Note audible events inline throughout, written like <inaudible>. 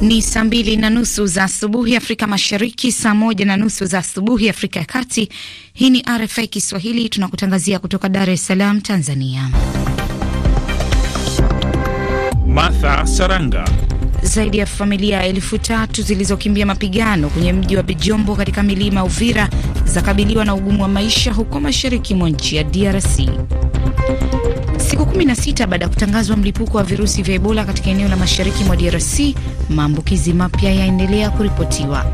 Ni saa mbili na nusu za asubuhi Afrika Mashariki, saa moja na nusu za asubuhi Afrika ya Kati. Hii ni RFI Kiswahili, tunakutangazia kutoka Dar es Salaam, Tanzania. Martha Saranga. Zaidi ya familia elfu tatu zilizokimbia mapigano kwenye mji wa Bijombo katika milima Uvira zakabiliwa na ugumu wa maisha huko mashariki mwa nchi ya DRC. Siku 16 baada ya kutangazwa mlipuko wa virusi vya Ebola katika eneo la mashariki mwa DRC, maambukizi mapya yaendelea kuripotiwa.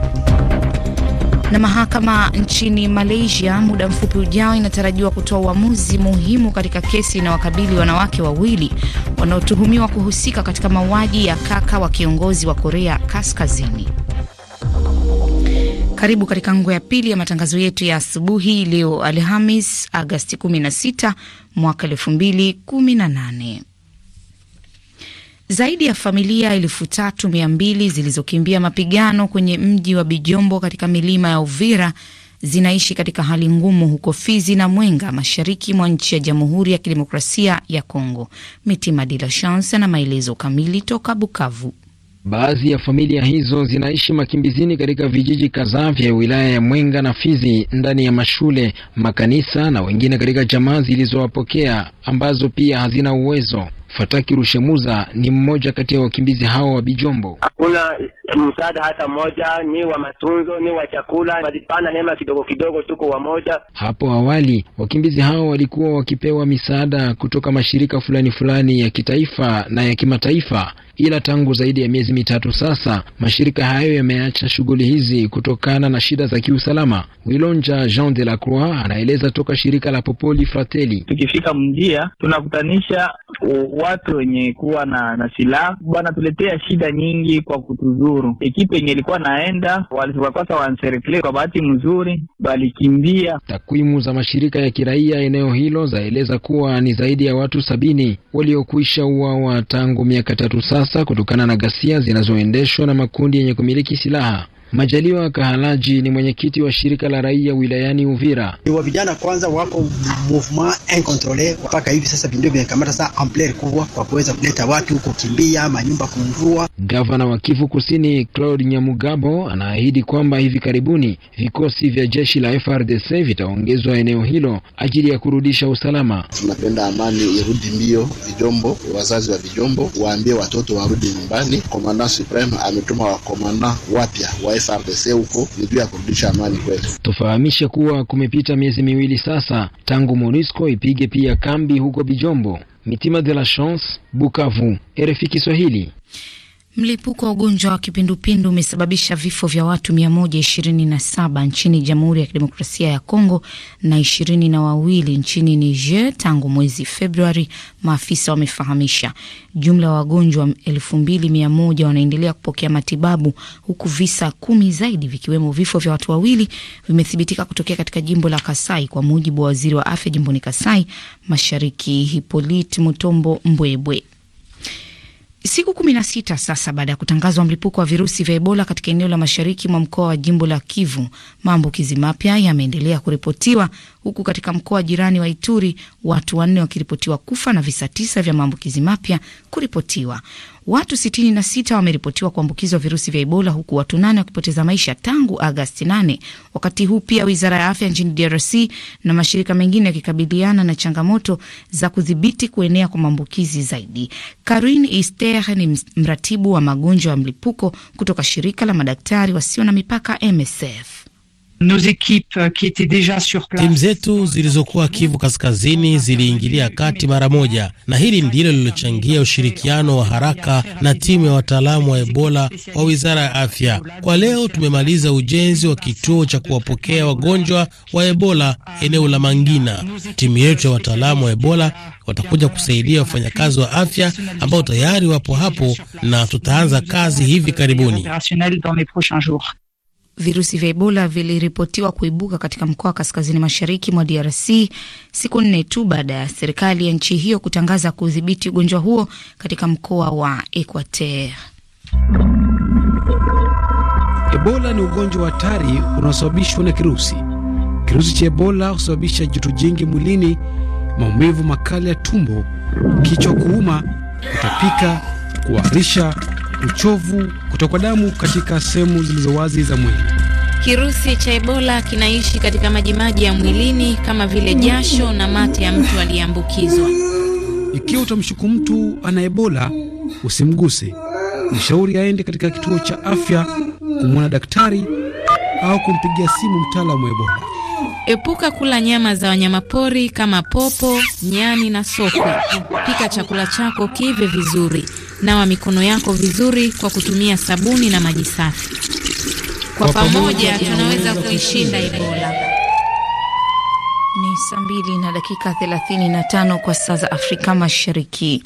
Na mahakama nchini Malaysia muda mfupi ujao inatarajiwa kutoa uamuzi muhimu katika kesi inayowakabili wanawake wawili wanaotuhumiwa kuhusika katika mauaji ya kaka wa kiongozi wa Korea Kaskazini. Karibu katika ngo ya pili ya matangazo yetu ya asubuhi leo Alhamis, Agasti 16 mwaka 2018. Zaidi ya familia elfu tatu mia mbili zilizokimbia mapigano kwenye mji wa Bijombo katika milima ya Uvira zinaishi katika hali ngumu huko Fizi na Mwenga, mashariki mwa nchi ya Jamhuri ya Kidemokrasia ya Kongo. Mitima de la Chance na maelezo kamili toka Bukavu. Baadhi ya familia hizo zinaishi makimbizini katika vijiji kadhaa vya wilaya ya Mwenga na Fizi, ndani ya mashule, makanisa na wengine katika jamaa zilizowapokea ambazo pia hazina uwezo. Fataki Rushemuza ni mmoja kati ya wakimbizi hao wa Bijombo. Hakuna msaada hata mmoja, ni wa matunzo, ni wa chakula, walipana hema kidogo kidogo, tuko wamoja. Hapo awali wakimbizi hao walikuwa wakipewa misaada kutoka mashirika fulani fulani ya kitaifa na ya kimataifa, ila tangu zaidi ya miezi mitatu sasa mashirika hayo yameacha shughuli hizi kutokana na shida za kiusalama. Wilonja Jean de la Croix anaeleza toka shirika la Popoli Fratelli. Tukifika mjia tunakutanisha watu wenye kuwa na, na silaha wanatuletea shida nyingi kwa kutuzuru. Ekipe yenye ilikuwa naenda walikosa wanserikali, kwa bahati mzuri walikimbia. Takwimu za mashirika ya kiraia eneo hilo zaeleza kuwa ni zaidi ya watu sabini waliokwisha uawa tangu miaka tatu sasa kutokana na ghasia zinazoendeshwa na makundi yenye kumiliki silaha. Majaliwa Kahalaji ni mwenyekiti wa shirika la raia wilayani Uvira. Ni wa vijana kwanza wako movement incontrole mpaka hivi sasa vindio vimekamata saa ampler kubwa kwa kuweza kuleta watu kukimbia manyumba kumvua. Gavana wa Kivu Kusini Claude Nyamugabo anaahidi kwamba hivi karibuni vikosi vya jeshi la FRDC vitaongezwa eneo hilo ajili ya kurudisha usalama. Tunapenda amani irudi mbio, vijombo wazazi wa vijombo waambie watoto warudi nyumbani. Komanda Supreme ametuma wakomanda wapya wa SAPC huko juu ya kurudisha amani kwetu. Tufahamishe kuwa kumepita miezi miwili sasa tangu MONUSCO ipige pia kambi huko Bijombo. Mitima de la Chance, Bukavu, RFI Kiswahili. Mlipuko wa ugonjwa wa kipindupindu umesababisha vifo vya watu 127 nchini Jamhuri ya Kidemokrasia ya Kongo na ishirini na wawili nchini Niger tangu mwezi Februari, maafisa wamefahamisha. Jumla ya wagonjwa 2100 wanaendelea kupokea matibabu huku visa kumi zaidi vikiwemo vifo vya watu wawili vimethibitika kutokea katika jimbo la Kasai, kwa mujibu wa waziri wa afya jimboni Kasai Mashariki, Hipolit Mutombo Mbwebwe. Siku 16 sasa baada ya kutangazwa mlipuko wa virusi vya Ebola katika eneo la mashariki mwa mkoa wa jimbo la Kivu, maambukizi mapya yameendelea kuripotiwa huku katika mkoa jirani wa Ituri watu wanne wakiripotiwa kufa na visa tisa vya maambukizi mapya kuripotiwa. Watu 66 wameripotiwa kuambukizwa virusi vya Ebola huku watu nane wakipoteza maisha tangu Agasti 8. Wakati huu pia wizara ya afya nchini DRC na mashirika mengine yakikabiliana na changamoto za kudhibiti kuenea kwa maambukizi zaidi. Karin Ister ni mratibu wa magonjwa ya mlipuko kutoka shirika la madaktari wasio na mipaka MSF. Nos équipes euh, qui étaient déjà sur place. Timu zetu zilizokuwa Kivu Kaskazini ziliingilia kati mara moja, na hili ndilo lilochangia ushirikiano wa haraka na timu ya wataalamu wa Ebola wa Wizara ya Afya. Kwa leo tumemaliza ujenzi wa kituo cha kuwapokea wagonjwa wa Ebola eneo la Mangina. Timu yetu ya wataalamu wa Ebola watakuja kusaidia wafanyakazi wa afya ambao tayari wapo hapo na tutaanza kazi hivi karibuni virusi vya Ebola viliripotiwa kuibuka katika mkoa wa kaskazini mashariki mwa DRC siku nne tu baada ya serikali ya nchi hiyo kutangaza kudhibiti ugonjwa huo katika mkoa wa Equateur. Ebola ni ugonjwa wa hatari unaosababishwa na kirusi. Kirusi cha Ebola husababisha joto jingi mwilini, maumivu makali ya tumbo, kichwa kuuma, kutapika, kuharisha uchovu, kutokwa damu katika sehemu zilizo wazi za mwili. Kirusi cha Ebola kinaishi katika majimaji ya mwilini kama vile jasho na mate ya mtu aliyeambukizwa. Ikiwa utamshuku mtu ana Ebola, usimguse. Mshauri aende katika kituo cha afya kumwona daktari au kumpigia simu mtaalamu wa Ebola. Epuka kula nyama za wanyamapori kama popo, nyani na sokwe. Pika chakula chako kive vizuri. Nawa mikono yako vizuri kwa kutumia sabuni na maji safi. Kwa pamoja tunaweza kuishinda Ebola. Ni saa mbili na dakika 35 kwa saa za Afrika Mashariki.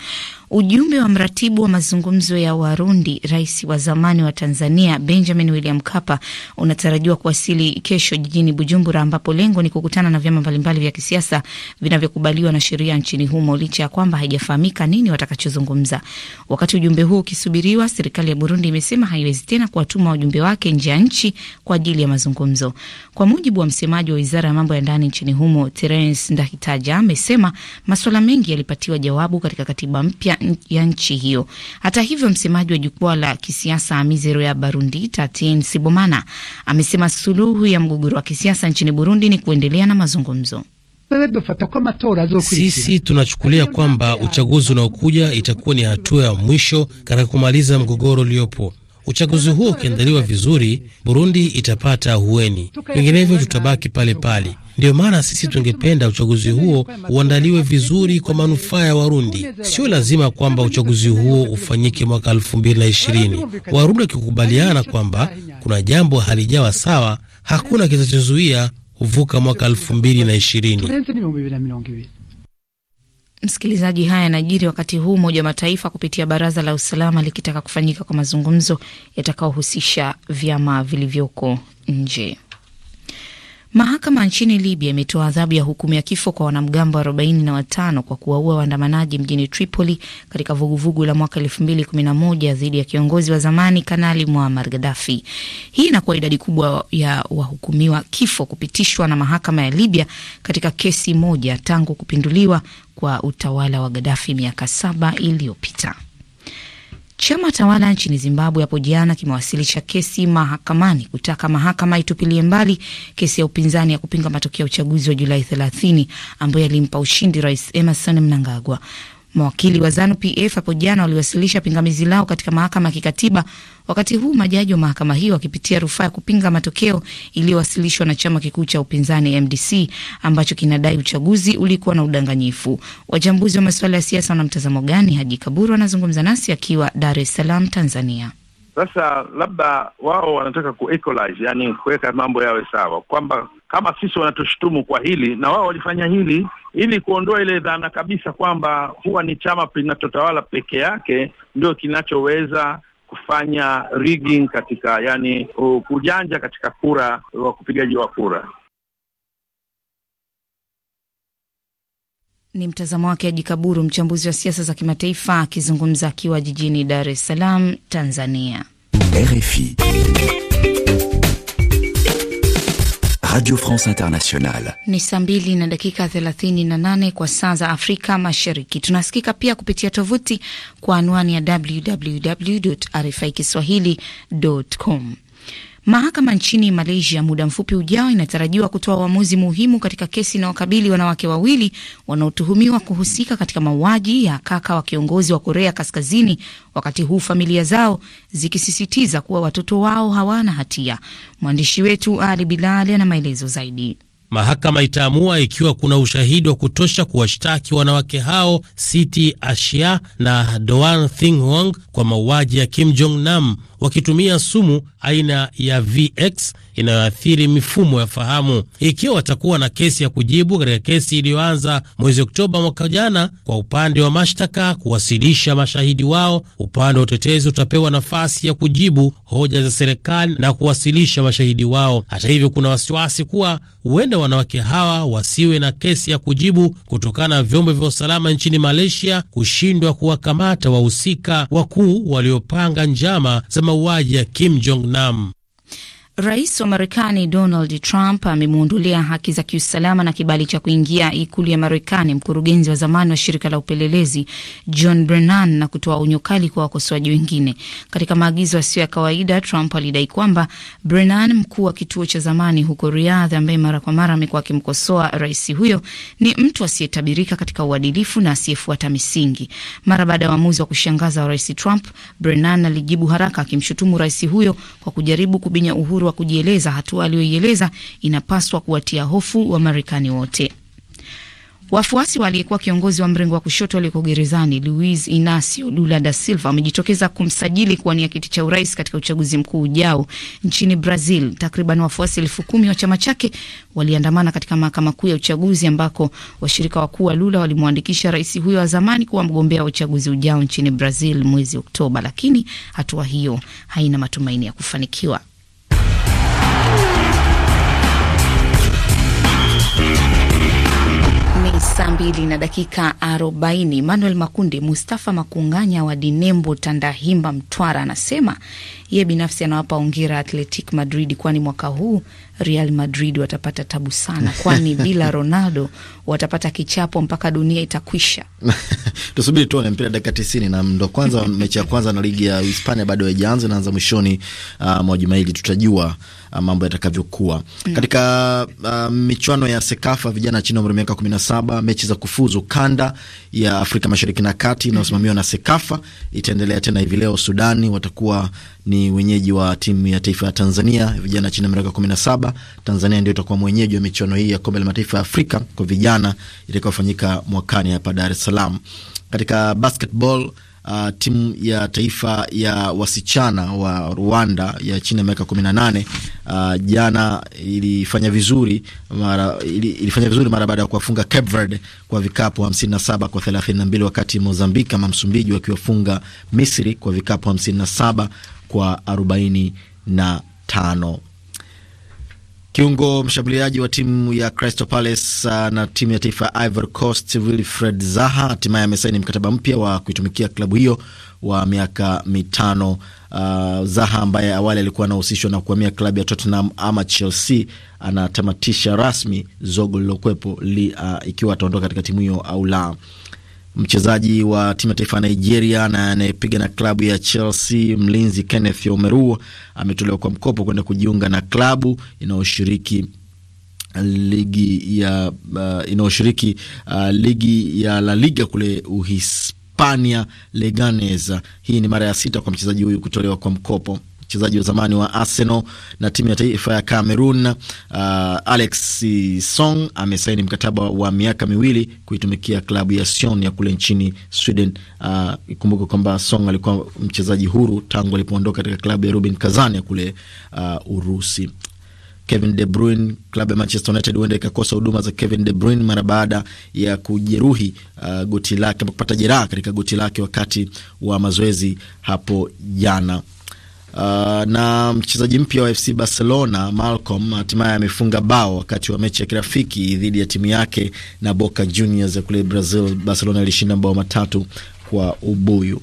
Ujumbe wa mratibu wa mazungumzo ya Warundi, rais wa zamani wa Tanzania Benjamin William Mkapa unatarajiwa kuwasili kesho jijini Bujumbura, ambapo lengo ni kukutana na vyama mbalimbali vya kisiasa vinavyokubaliwa na sheria nchini humo, licha ya kwamba haijafahamika nini watakachozungumza. Wakati ujumbe huo ukisubiriwa, serikali ya Burundi imesema haiwezi tena kuwatuma wajumbe wake nje ya nchi kwa ajili ya mazungumzo. Kwa mujibu wa msemaji wa wizara ya mambo ya ndani nchini humo, Terence Ndahitaja amesema masuala mengi yalipatiwa jawabu katika katiba mpya ya nchi hiyo. Hata hivyo, msemaji wa jukwaa la kisiasa Amizero ya Barundi, Tatien Sibomana, amesema suluhu ya mgogoro wa kisiasa nchini Burundi ni kuendelea na mazungumzo. Sisi tunachukulia kwamba uchaguzi unaokuja itakuwa ni hatua ya mwisho katika kumaliza mgogoro uliopo uchaguzi huo ukiandaliwa vizuri, Burundi itapata ahueni, vinginevyo tutabaki pale pale. Ndiyo maana sisi tungependa uchaguzi huo uandaliwe vizuri kwa manufaa ya Warundi. Sio lazima kwamba uchaguzi huo ufanyike mwaka elfu mbili na ishirini. Warundi wakikubaliana kwamba kuna jambo halijawa sawa, hakuna kitachozuia kuvuka mwaka elfu mbili na ishirini. Msikilizaji, haya yanajiri wakati huu Umoja wa Mataifa kupitia Baraza la Usalama likitaka kufanyika kwa mazungumzo yatakaohusisha vyama vilivyoko nje. Mahakama nchini Libya imetoa adhabu ya hukumu ya kifo kwa wanamgambo 45 kwa kuwaua waandamanaji mjini Tripoli katika vuguvugu la mwaka 211 dhidi ya kiongozi wa zamani Kanali Muammar Gaddafi. Hii inakuwa idadi kubwa ya wahukumiwa kifo kupitishwa na mahakama ya Libya katika kesi moja tangu kupinduliwa kwa utawala wa Gaddafi miaka saba iliyopita. Chama tawala nchini Zimbabwe hapo jana kimewasilisha kesi mahakamani kutaka mahakama itupilie mbali kesi ya upinzani ya kupinga matokeo ya uchaguzi wa Julai 30 ambayo yalimpa ushindi Rais Emerson Mnangagwa. Mawakili wa ZANU PF hapo jana waliwasilisha pingamizi lao katika mahakama ya kikatiba, wakati huu majaji wa mahakama hiyo wakipitia rufaa ya kupinga matokeo iliyowasilishwa na chama kikuu cha upinzani MDC ambacho kinadai uchaguzi ulikuwa na udanganyifu. Wachambuzi wa masuala ya siasa wana mtazamo gani? Haji Kaburu anazungumza nasi akiwa Dar es Salaam, Tanzania. Sasa labda wao wanataka ku equalize, yani kuweka mambo yawe sawa, kwamba kama sisi wanatushutumu kwa hili na wao walifanya hili ili kuondoa ile dhana kabisa kwamba huwa ni chama kinachotawala peke yake ndio kinachoweza kufanya rigging katika, yani kujanja katika kura wa kupigaji wa kura. Ni mtazamo wake ajikaburu mchambuzi wa siasa za kimataifa, akizungumza akiwa jijini Dar es Salaam, Tanzania. RFI. Radio France Internationale. Ni saa mbili na dakika 38 kwa saa za Afrika Mashariki. Tunasikika pia kupitia tovuti kwa anwani ya www.rfikiswahili.com. Mahakama nchini Malaysia muda mfupi ujao inatarajiwa kutoa uamuzi muhimu katika kesi inayokabili wanawake wawili wanaotuhumiwa kuhusika katika mauaji ya kaka wa kiongozi wa Korea Kaskazini, wakati huu familia zao zikisisitiza kuwa watoto wao hawana hatia. Mwandishi wetu Ali Bilali ana maelezo zaidi. Mahakama itaamua ikiwa kuna ushahidi wa kutosha kuwashtaki wanawake hao Siti Ashia na Doan Thinghong kwa mauaji ya Kim Jong Nam wakitumia sumu aina ya VX inayoathiri mifumo ya fahamu, ikiwa watakuwa na kesi ya kujibu katika kesi iliyoanza mwezi Oktoba mwaka jana. Kwa upande wa mashtaka kuwasilisha mashahidi wao, upande wa utetezi utapewa nafasi ya kujibu hoja za serikali na kuwasilisha mashahidi wao. Hata hivyo, kuna wasiwasi kuwa huenda wanawake hawa wasiwe na kesi ya kujibu kutokana na vyombo vya usalama nchini Malaysia kushindwa kuwakamata wahusika wakuu waliopanga njama za mauaji ya Kim Jong Nam. Rais wa Marekani Donald Trump amemwondolea haki za kiusalama na kibali cha kuingia ikulu ya Marekani mkurugenzi wa zamani wa shirika la upelelezi John Brennan na kutoa onyo kali kwa wakosoaji wengine. Katika maagizo yasiyo ya kawaida, Trump alidai kwamba Brennan, mkuu wa kituo cha zamani huko Riyadh, ambaye mara kwa mara amekuwa akimkosoa rais huyo, ni mtu asiyetabirika katika uadilifu na asiyefuata misingi. Mara baada ya uamuzi wa kushangaza wa rais Trump, Brennan alijibu haraka akimshutumu rais huyo kwa kujaribu kubinya uhuru wa kujieleza, hatua aliyoieleza inapaswa kuwatia hofu wa Marekani wote. Wafuasi wa aliyekuwa kiongozi wa mrengo wa kushoto aliyeko gerezani Luis Inacio Lula da Silva wamejitokeza kumsajili kuwania kiti cha urais katika uchaguzi mkuu ujao nchini Brazil. Takriban wafuasi elfu kumi wa chama chake waliandamana katika mahakama kuu ya uchaguzi ambako washirika wakuu wa Lula walimwandikisha rais huyo wa zamani kuwa mgombea wa uchaguzi ujao nchini Brazil mwezi Oktoba, lakini hatua hiyo haina matumaini ya kufanikiwa. Saa mbili na dakika arobaini. Manuel Makundi Mustafa Makunganya wa Dinembo Tandahimba, Mtwara, anasema yeye binafsi anawapa ongera Atletic Madrid, kwani mwaka huu Real Madrid watapata tabu sana, kwani <laughs> bila Ronaldo watapata kichapo mpaka dunia itakwisha. <laughs> Tusubiri tuone mpira dakika tisini na ndo kwanza <laughs> mechi ya kwanza na ligi ya Hispania bado haijaanza, inaanza mwishoni uh, mwa juma hili. Tutajua uh, mambo yatakavyokuwa mm. Katika uh, michuano ya Sekafa vijana chini ya umri miaka kumi na saba mechi za kufuzu kanda ya Afrika Mashariki na Kati inayosimamiwa mm -hmm. na Sekafa itaendelea tena hivi leo. Sudani watakuwa ni wenyeji wa timu ya taifa ya Tanzania vijana chini ya miaka kumi na saba Tanzania ndio itakuwa mwenyeji wa michuano hii ya kombe la mataifa ya Afrika kwa vijana itakayofanyika mwakani hapa Dar es Salaam. Katika basketball Uh, timu ya taifa ya wasichana wa Rwanda ya chini ya miaka 18 uh, jana ilifanya vizuri mara, ilifanya vizuri mara baada ya kuwafunga Cape Verde kwa vikapu saba kwa mbili wakati Mozambiki ama Msumbiji wakiwafunga Misri kwa vikapu saba kwa 45. Kiungo mshambuliaji wa timu ya Crystal Palace uh, na timu ya taifa ya Ivory Coast Wilfred Zaha hatimaye amesaini mkataba mpya wa kuitumikia klabu hiyo wa miaka mitano. Uh, Zaha ambaye awali alikuwa anahusishwa na kuhamia klabu ya Tottenham ama Chelsea anatamatisha rasmi zogo lililokuwepo li, uh, ikiwa ataondoka katika timu hiyo au la. Mchezaji wa timu ya taifa ya Nigeria na anayepiga na klabu ya Chelsea, mlinzi Kenneth Omeru ametolewa kwa mkopo kwenda kujiunga na klabu inayoshiriki uh, ligi ya uh, inayoshiriki uh, ligi ya La Liga kule Uhispania, Leganes. Hii ni mara ya sita kwa mchezaji huyu kutolewa kwa mkopo mchezaji wa zamani wa Arsenal na timu ya taifa ya Cameroon, uh, Alex Song amesaini mkataba wa miaka miwili kuitumikia klabu ya Sion ya kule nchini Sweden. Uh, ikumbuke kwamba Song alikuwa mchezaji huru tangu alipoondoka katika klabu ya Rubin Kazan ya kule uh, Urusi. Kevin De Bruyne, klabu ya Manchester United huenda ikakosa huduma za Kevin De Bruyne mara baada ya kujeruhi uh, goti lake, kupata jeraha katika goti lake wakati wa mazoezi hapo jana. Uh, na mchezaji mpya wa FC Barcelona Malcolm hatimaye amefunga bao wakati wa mechi ya kirafiki dhidi ya timu yake na Boca Juniors ya kule Brazil. Barcelona ilishinda mabao matatu kwa ubuyu.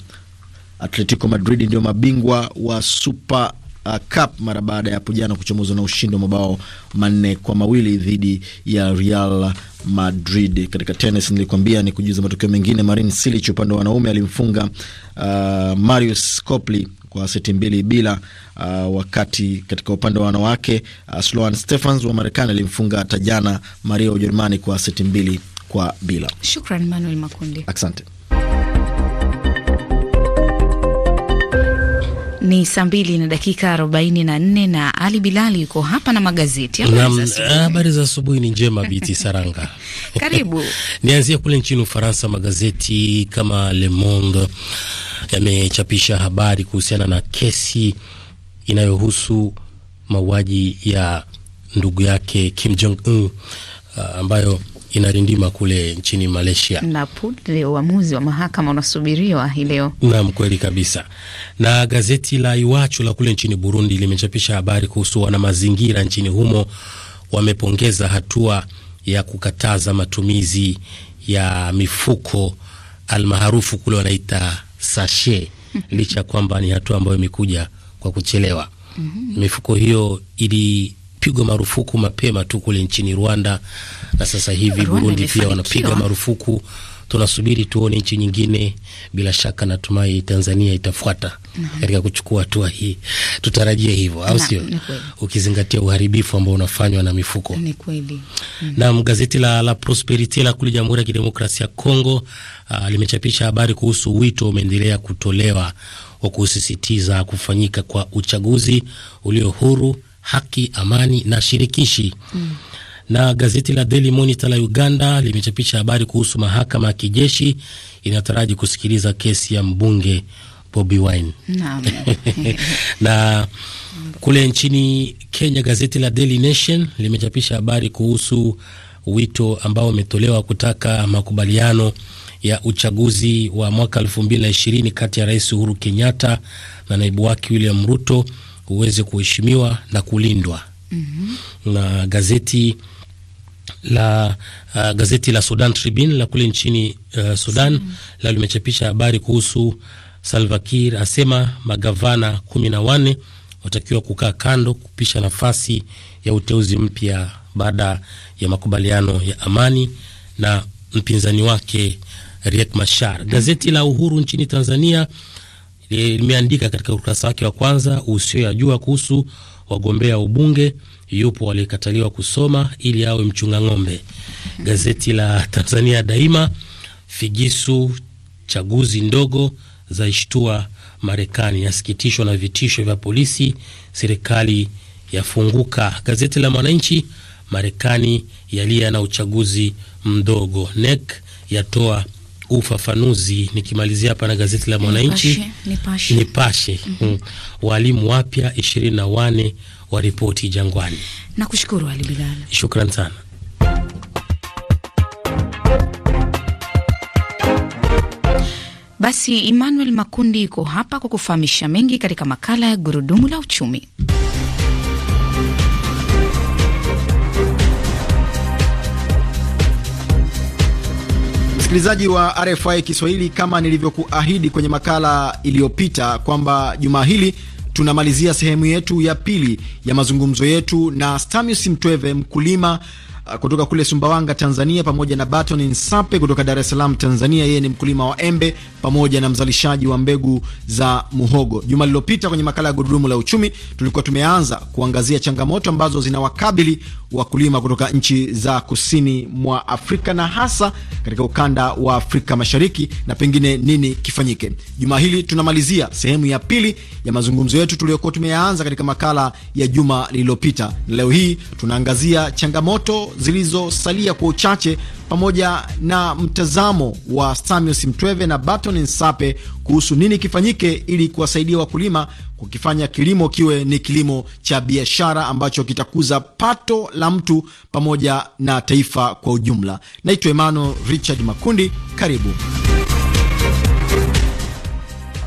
Atletico Madrid ndio mabingwa wa Super uh, Cup mara baada ya hapo jana kuchomozwa na ushindi wa mabao manne kwa mawili dhidi ya Real Madrid. Katika tenis nilikwambia ni kujuza matokeo mengine. Marin Cilic upande wa wanaume alimfunga uh, Marius Copley kwa seti mbili bila. Uh, wakati katika upande wa wanawake uh, Sloan Stephens wa Marekani alimfunga Tajana Maria wa Ujerumani kwa seti mbili kwa bila. Shukran Manuel Makundi, asante. Ni saa mbili na dakika arobaini na nne na Ali Bilali yuko hapa na magazeti. Habari eh, za asubuhi ni njema Biti Saranga, <laughs> karibu. <laughs> Nianzie kule nchini Ufaransa, magazeti kama Le Monde yamechapisha habari kuhusiana na kesi inayohusu mauaji ya ndugu yake Kim Jong Un uh, ambayo inarindima kule nchini Malaysia. Na punde uamuzi wa mahakama unasubiriwa hii leo. Naam, kweli kabisa. Na gazeti la Iwachu la kule nchini Burundi limechapisha habari kuhusu wanamazingira nchini humo wamepongeza hatua ya kukataza matumizi ya mifuko almaarufu kule wanaita sashe mm -hmm. licha kwamba ni hatua ambayo imekuja kwa kuchelewa mm -hmm. mifuko hiyo ilipigwa marufuku mapema tu kule nchini Rwanda na sasa hivi Rwanda Burundi pia wanapiga marufuku tunasubiri tuone nchi nyingine. Bila shaka natumai Tanzania itafuata katika kuchukua hatua hii, tutarajie hivyo, au sio? Ukizingatia uharibifu ambao unafanywa na mifuko. Ni kweli. Mm. Na gazeti la la Prosperity la kule Jamhuri ya Kidemokrasia ya Kongo uh, limechapisha habari kuhusu wito umeendelea kutolewa wa kusisitiza kufanyika kwa uchaguzi ulio huru, haki, amani na shirikishi mm na gazeti la Daily Monitor la Uganda limechapisha habari kuhusu mahakama ya kijeshi inayotaraji kusikiliza kesi ya mbunge Bobi Wine <laughs> na kule nchini Kenya, gazeti la Daily Nation limechapisha habari kuhusu wito ambao umetolewa kutaka makubaliano ya uchaguzi wa mwaka 2020 kati ya Rais Uhuru Kenyatta na naibu wake William Ruto uweze kuheshimiwa na kulindwa. mm -hmm. Na gazeti la uh, gazeti la Sudan Tribune la kule nchini uh, Sudan mm. la limechapisha habari kuhusu Salva Kiir asema magavana kumi na wanne watakiwa kukaa kando kupisha nafasi ya uteuzi mpya baada ya makubaliano ya amani na mpinzani wake Riek Machar. Gazeti la Uhuru nchini Tanzania eh, limeandika katika ukurasa wake wa kwanza usio yajua kuhusu wagombea ubunge yupo aliyekataliwa kusoma ili awe mchunga ng'ombe. Gazeti la Tanzania Daima, Figisu chaguzi ndogo za ishtua Marekani, yasikitishwa na vitisho vya polisi, serikali yafunguka. Gazeti la Mwananchi, Marekani yalia na uchaguzi mdogo, NEC yatoa ufafanuzi. Nikimalizia hapa na gazeti la Mwananchi, Nipashe, Nipashe, Nipashe. Mm -hmm. Walimu wapya ishirini na wane wa ripoti Jangwani. Nakushukuru Ali Bilal, shukran sana. Basi Emmanuel Makundi yuko hapa kwa kufahamisha mengi katika makala ya gurudumu la uchumi. Msikilizaji wa RFI Kiswahili, kama nilivyokuahidi kwenye makala iliyopita kwamba jumaa hili tunamalizia sehemu yetu ya pili ya mazungumzo yetu na Stamius Mtweve, mkulima Ah, kutoka kule Sumbawanga, Tanzania, pamoja na Baton Nsape kutoka Dar es Salaam, Tanzania. Yeye ni mkulima wa embe pamoja na mzalishaji wa mbegu za muhogo. Juma lililopita kwenye makala ya Gurudumu la Uchumi tulikuwa tumeanza kuangazia changamoto ambazo zinawakabili wakulima kutoka nchi za kusini mwa Afrika na hasa katika ukanda wa Afrika Mashariki na pengine nini kifanyike. Juma hili tunamalizia sehemu ya pili ya mazungumzo yetu tuliyokuwa tumeanza katika makala ya juma lililopita. Leo hii tunaangazia changamoto zilizosalia kwa uchache pamoja na mtazamo wa Samuel Mtweve na Baton Nsape kuhusu nini kifanyike ili kuwasaidia wakulima kukifanya kilimo kiwe ni kilimo cha biashara ambacho kitakuza pato la mtu pamoja na taifa kwa ujumla. Naitwa Emmanuel Richard Makundi, karibu.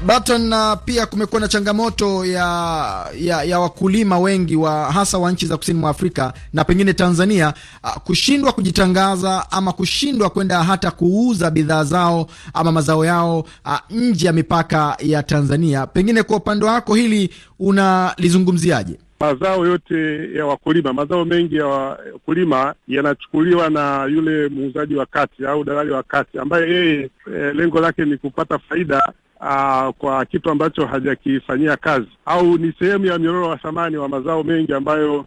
Button, na pia kumekuwa na changamoto ya, ya, ya wakulima wengi wa hasa wa nchi za kusini mwa Afrika na pengine Tanzania uh, kushindwa kujitangaza ama kushindwa kwenda hata kuuza bidhaa zao ama mazao yao uh, nje ya mipaka ya Tanzania. Pengine kwa upande wako hili unalizungumziaje? Mazao yote ya wakulima, mazao mengi ya wakulima yanachukuliwa na yule muuzaji wa kati au dalali wa kati ambaye yeye eh, lengo lake ni kupata faida aa, ah, kwa kitu ambacho hajakifanyia kazi au ni sehemu ya mnyororo wa thamani wa mazao mengi ambayo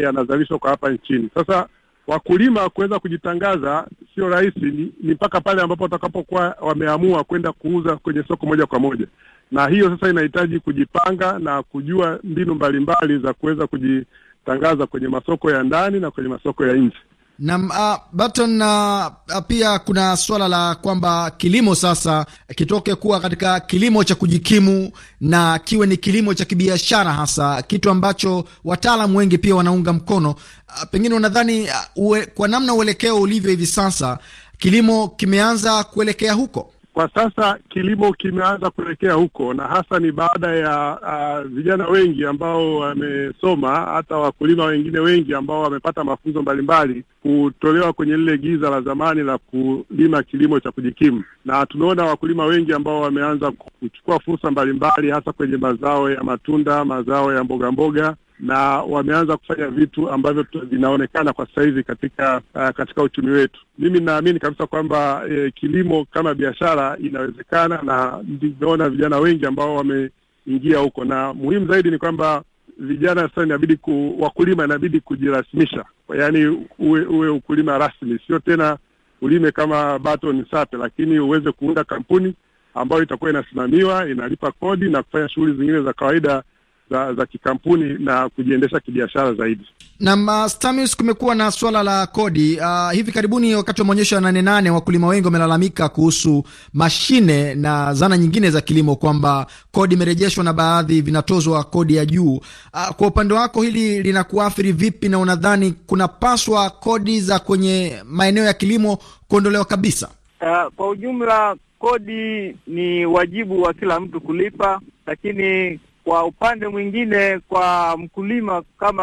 yanazalishwa ya kwa hapa nchini. Sasa wakulima kuweza kujitangaza sio rahisi, ni mpaka pale ambapo watakapokuwa wameamua kwenda kuuza kwenye soko moja kwa moja, na hiyo sasa inahitaji kujipanga na kujua mbinu mbalimbali za kuweza kujitangaza kwenye masoko ya ndani na kwenye masoko ya nje. Na uh, ah, Burton uh, ah, pia kuna swala la kwamba kilimo sasa kitoke kuwa katika kilimo cha kujikimu na kiwe ni kilimo cha kibiashara, hasa kitu ambacho wataalamu wengi pia wanaunga mkono. Uh, pengine unadhani uh, kwa namna uelekeo ulivyo hivi sasa kilimo kimeanza kuelekea huko? Kwa sasa kilimo kimeanza kuelekea huko, na hasa ni baada ya uh, vijana wengi ambao wamesoma, hata wakulima wengine wengi ambao wamepata mafunzo mbalimbali, kutolewa kwenye lile giza la zamani la kulima kilimo cha kujikimu, na tumeona wakulima wengi ambao wameanza kuchukua fursa mbalimbali, hasa kwenye mazao ya matunda, mazao ya mbogamboga mboga na wameanza kufanya vitu ambavyo vinaonekana kwa sasa hivi katika uh, katika uchumi wetu. Mimi naamini kabisa kwamba eh, kilimo kama biashara inawezekana, na nimeona vijana wengi ambao wameingia huko, na muhimu zaidi ni kwamba vijana sasa inabidi ku, wakulima inabidi kujirasimisha, yaani uwe, uwe ukulima rasmi, sio tena ulime kama baton sape, lakini uweze kuunda kampuni ambayo itakuwa inasimamiwa, inalipa kodi na kufanya shughuli zingine za kawaida za, za kikampuni na kujiendesha kibiashara zaidi. Na uh, Stamis, kumekuwa na swala la kodi uh, hivi karibuni wakati wa maonyesho ya nane nane, wakulima wengi wamelalamika kuhusu mashine na zana nyingine za kilimo kwamba kodi imerejeshwa na baadhi vinatozwa kodi ya juu. Uh, kwa upande wako hili linakuathiri vipi, na unadhani kunapaswa kodi za kwenye maeneo ya kilimo kuondolewa kabisa? Uh, kwa ujumla kodi ni wajibu wa kila mtu kulipa, lakini kwa upande mwingine, kwa mkulima kama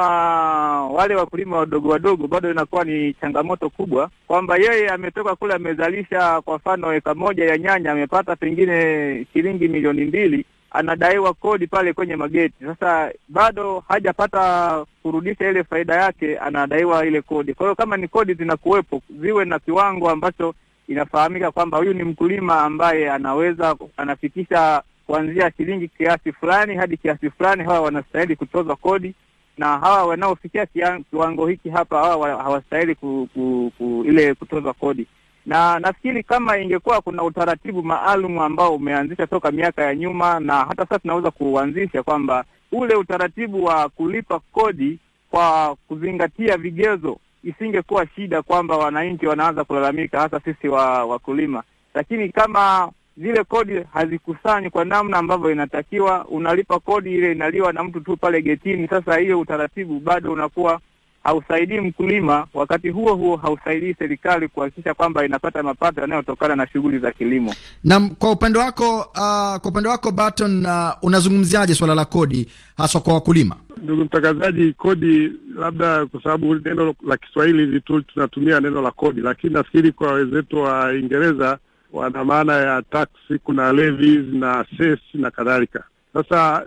wale wakulima wadogo wadogo, bado inakuwa ni changamoto kubwa, kwamba yeye ametoka kule amezalisha kwa mfano eka moja ya nyanya amepata pengine shilingi milioni mbili, anadaiwa kodi pale kwenye mageti. Sasa bado hajapata kurudisha ile faida yake, anadaiwa ile kodi. Kwa hiyo kama ni kodi zinakuwepo, ziwe na kiwango ambacho inafahamika kwamba huyu ni mkulima ambaye anaweza anafikisha kuanzia shilingi kiasi fulani hadi kiasi fulani, hawa wanastahili kutozwa kodi, na hawa wanaofikia kiwango hiki hapa hawa hawastahili ku, ku, ku, ile kutozwa kodi. Na nafikiri kama ingekuwa kuna utaratibu maalum ambao umeanzisha toka miaka ya nyuma, na hata sasa tunaweza kuanzisha kwamba ule utaratibu wa kulipa kodi kwa kuzingatia vigezo, isingekuwa shida kwamba wananchi wanaanza kulalamika, hasa sisi wa wakulima, lakini kama zile kodi hazikusanyi kwa namna ambavyo inatakiwa. Unalipa kodi ile inaliwa na mtu tu pale getini. Sasa hiyo utaratibu bado unakuwa hausaidii mkulima, wakati huo huo hausaidii serikali kuhakikisha kwamba inapata mapato yanayotokana na shughuli za kilimo. Na kwa upande wako uh, kwa upande wako Barton, uh, unazungumziaje swala la kodi haswa kwa wakulima? Ndugu mtangazaji, kodi, labda kwa sababu neno la Kiswahili tu tunatumia neno la kodi, lakini nafikiri kwa wenzetu wa ingereza wana maana ya taksi, kuna levies na ses na kadhalika. Sasa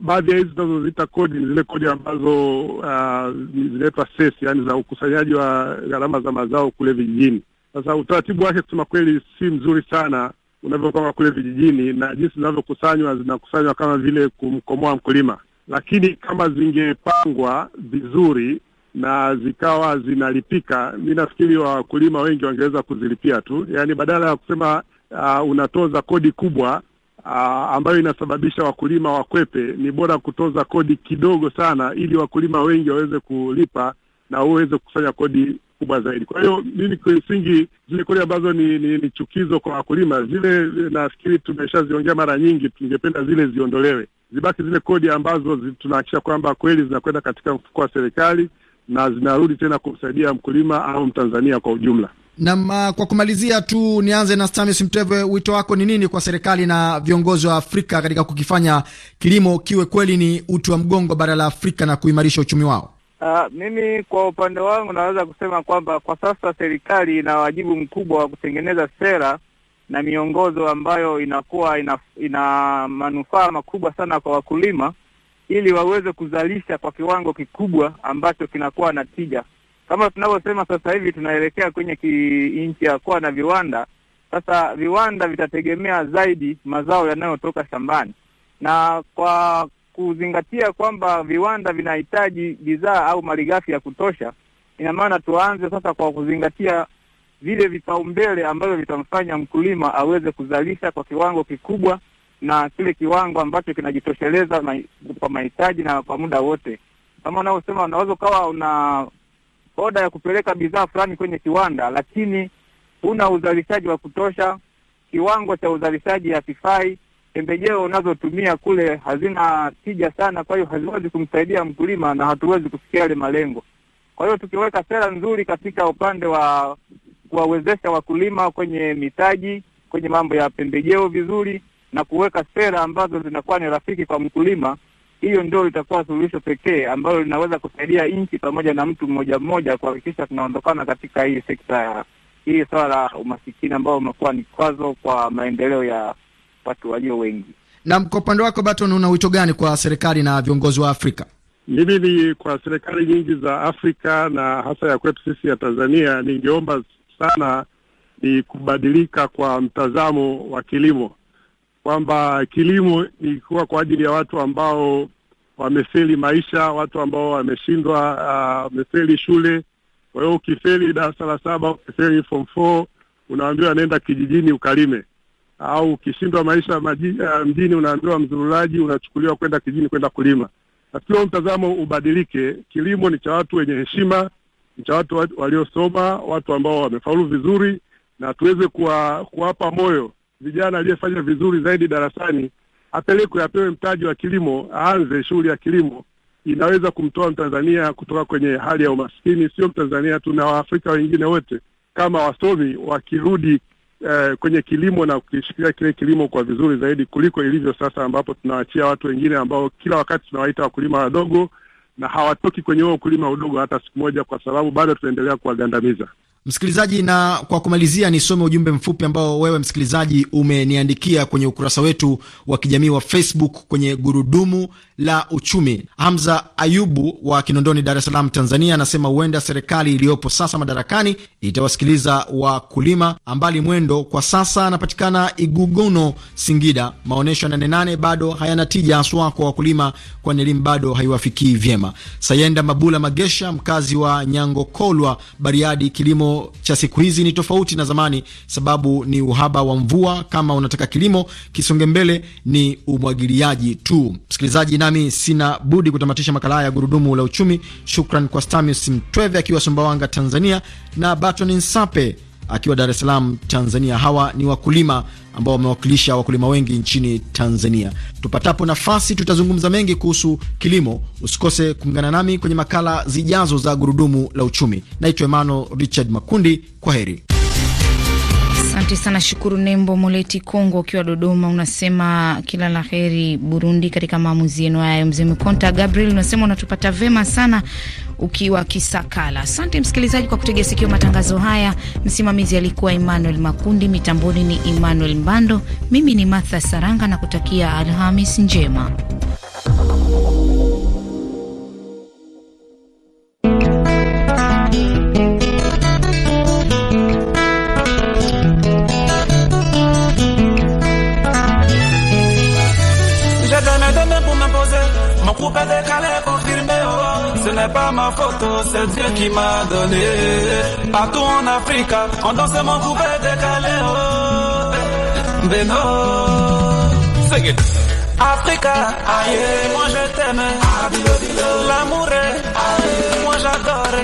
baadhi ya hizi tunazoziita kodi ni zile kodi ambazo uh, zinaitwa ses, yani za ukusanyaji wa gharama za mazao kule vijijini. Sasa utaratibu wake kusema kweli si mzuri sana unavyopangwa kule vijijini, na jinsi zinavyokusanywa zinakusanywa kama vile kumkomoa mkulima, lakini kama zingepangwa vizuri na zikawa zinalipika, mi nafikiri wakulima wengi wangeweza kuzilipia tu, yaani badala ya kusema uh, unatoza kodi kubwa uh, ambayo inasababisha wakulima wakwepe, ni bora kutoza kodi kidogo sana, ili wakulima wengi waweze kulipa na uweze kukusanya kodi kubwa zaidi. Kwa hiyo mimi kimsingi, zile kodi ambazo ni, ni, ni chukizo kwa wakulima, zile nafikiri tumeshaziongea mara nyingi, tungependa zile ziondolewe, zibaki zile kodi ambazo zi, tunahakikisha kwamba kweli zinakwenda katika mfuko wa serikali na zinarudi tena kumsaidia mkulima au Mtanzania kwa ujumla. Na uh, kwa kumalizia tu nianze na Stamis Mteve, wito wako ni nini kwa serikali na viongozi wa Afrika katika kukifanya kilimo kiwe kweli ni uti wa mgongo bara la Afrika na kuimarisha uchumi wao? Uh, mimi kwa upande wangu naweza kusema kwamba kwa sasa serikali ina wajibu mkubwa wa kutengeneza sera na miongozo ambayo inakuwa ina, ina manufaa makubwa sana kwa wakulima ili waweze kuzalisha kwa kiwango kikubwa ambacho kinakuwa na tija. Kama tunavyosema sasa hivi tunaelekea kwenye nchi ya kuwa na viwanda. Sasa viwanda vitategemea zaidi mazao yanayotoka shambani, na kwa kuzingatia kwamba viwanda vinahitaji bidhaa au malighafi ya kutosha, ina maana tuanze sasa kwa kuzingatia vile vipaumbele ambavyo vitamfanya mkulima aweze kuzalisha kwa kiwango kikubwa na kile kiwango ambacho kinajitosheleza mai, kwa mahitaji na kwa muda wote. Kama unavyosema, unaweza ukawa una oda ya kupeleka bidhaa fulani kwenye kiwanda, lakini huna uzalishaji wa kutosha, kiwango cha uzalishaji hakifai, pembejeo unazotumia kule hazina tija sana, kwa hiyo haziwezi kumsaidia mkulima na hatuwezi kufikia yale malengo. Kwa hiyo tukiweka sera nzuri katika upande wa kuwawezesha wakulima kwenye mitaji, kwenye mambo ya pembejeo vizuri na kuweka sera ambazo zinakuwa ni rafiki kwa mkulima, hiyo ndio itakuwa suluhisho pekee ambalo linaweza kusaidia nchi pamoja na mtu mmoja mmoja kuhakikisha tunaondokana katika hii sekta ya hii swala la umasikini ambao umekuwa ni kwazo kwa maendeleo ya watu walio wengi. Na kwa upande wako Baton, una wito gani kwa serikali na viongozi wa Afrika? Mimi ni kwa serikali nyingi za Afrika na hasa ya kwetu sisi ya Tanzania, ningeomba sana ni kubadilika kwa mtazamo wa kilimo kwamba kilimo ni kuwa kwa ajili ya watu ambao wamefeli maisha, watu ambao wameshindwa, uh, wamefeli uh, shule. Kwa hiyo ukifeli darasa la saba, ukifeli form four, unaambiwa nenda kijijini ukalime, au ukishindwa maisha maji, uh, mjini, unaambiwa mzururaji, unachukuliwa kwenda kijijini kwenda kulima. Nafikiri huo mtazamo ubadilike. Kilimo ni cha watu wenye heshima, ni cha watu waliosoma, watu ambao wamefaulu vizuri, na tuweze kuwapa moyo vijana aliyefanya vizuri zaidi darasani apelekwe, apewe mtaji wa kilimo, aanze shughuli ya kilimo. Inaweza kumtoa mtanzania kutoka kwenye hali ya umaskini, sio mtanzania tu na waafrika wengine wote. Kama wasomi wakirudi eh, kwenye kilimo na kukishikilia kile kilimo kwa vizuri zaidi kuliko ilivyo sasa, ambapo tunawachia watu wengine ambao kila wakati tunawaita wakulima wadogo na hawatoki kwenye huo ukulima udogo hata siku moja, kwa sababu bado tunaendelea kuwagandamiza. Msikilizaji, na kwa kumalizia, nisome ujumbe mfupi ambao wewe msikilizaji umeniandikia kwenye ukurasa wetu wa kijamii wa Facebook kwenye gurudumu la uchumi. Hamza Ayubu wa Kinondoni, Dar es Salaam, Tanzania, anasema huenda serikali iliyopo sasa madarakani itawasikiliza wakulima. Ambali Mwendo kwa sasa anapatikana Iguguno, Singida. Maonyesho ya nane nane bado hayana tija, haswa kwa wakulima, kwani elimu bado haiwafikii vyema. Sayenda Mabula Magesha, mkazi wa Nyangokolwa, Bariadi, kilimo cha siku hizi ni tofauti na zamani, sababu ni uhaba wa mvua. Kama unataka kilimo kisonge mbele, ni umwagiliaji tu. Msikilizaji nami sina budi kutamatisha makala haya ya gurudumu la uchumi. Shukran kwa Stamius Mtweve akiwa Sumbawanga, Tanzania, na Baton Nsape akiwa Dar es Salaam, Tanzania. Hawa ni wakulima ambao wamewakilisha wakulima wengi nchini Tanzania. Tupatapo nafasi, tutazungumza mengi kuhusu kilimo. Usikose kuungana nami kwenye makala zijazo za gurudumu la uchumi. Naitwa Emmanuel Richard Makundi, kwa heri. Asante sana Shukuru Nembo Moleti Kongo, ukiwa Dodoma, unasema kila la heri Burundi katika maamuzi yenu hayo. Mzee Mkonta Gabriel unasema unatupata vema sana ukiwa Kisakala. Asante msikilizaji kwa kutegea sikio matangazo haya. Msimamizi alikuwa Emmanuel Makundi, mitamboni ni Emmanuel Mbando, mimi ni Martha Saranga na kutakia Alhamis njema. c'est Dieu qui m'a donné. Partout en Afrique, en dansant mon coupé décalé. Oh, Beno, Sing it. Africa, aïe, moi je t'aime. L'amour est, moi j'adore.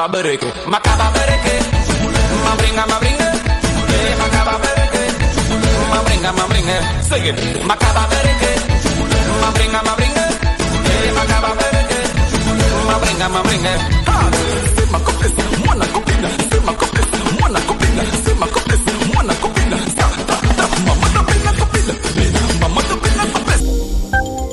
Macaba bereke, macaba bereke. Ma bringa, ma bringa. Macaba bereke. Ma bringa, ma bringa. Sing it. Macaba bereke. Ma bringa, ma bringa. Macaba bereke. Ma bringa, ma bringa. Ha! Sema kopesa, mwana kopina. Sema kopesa, mwana kopina.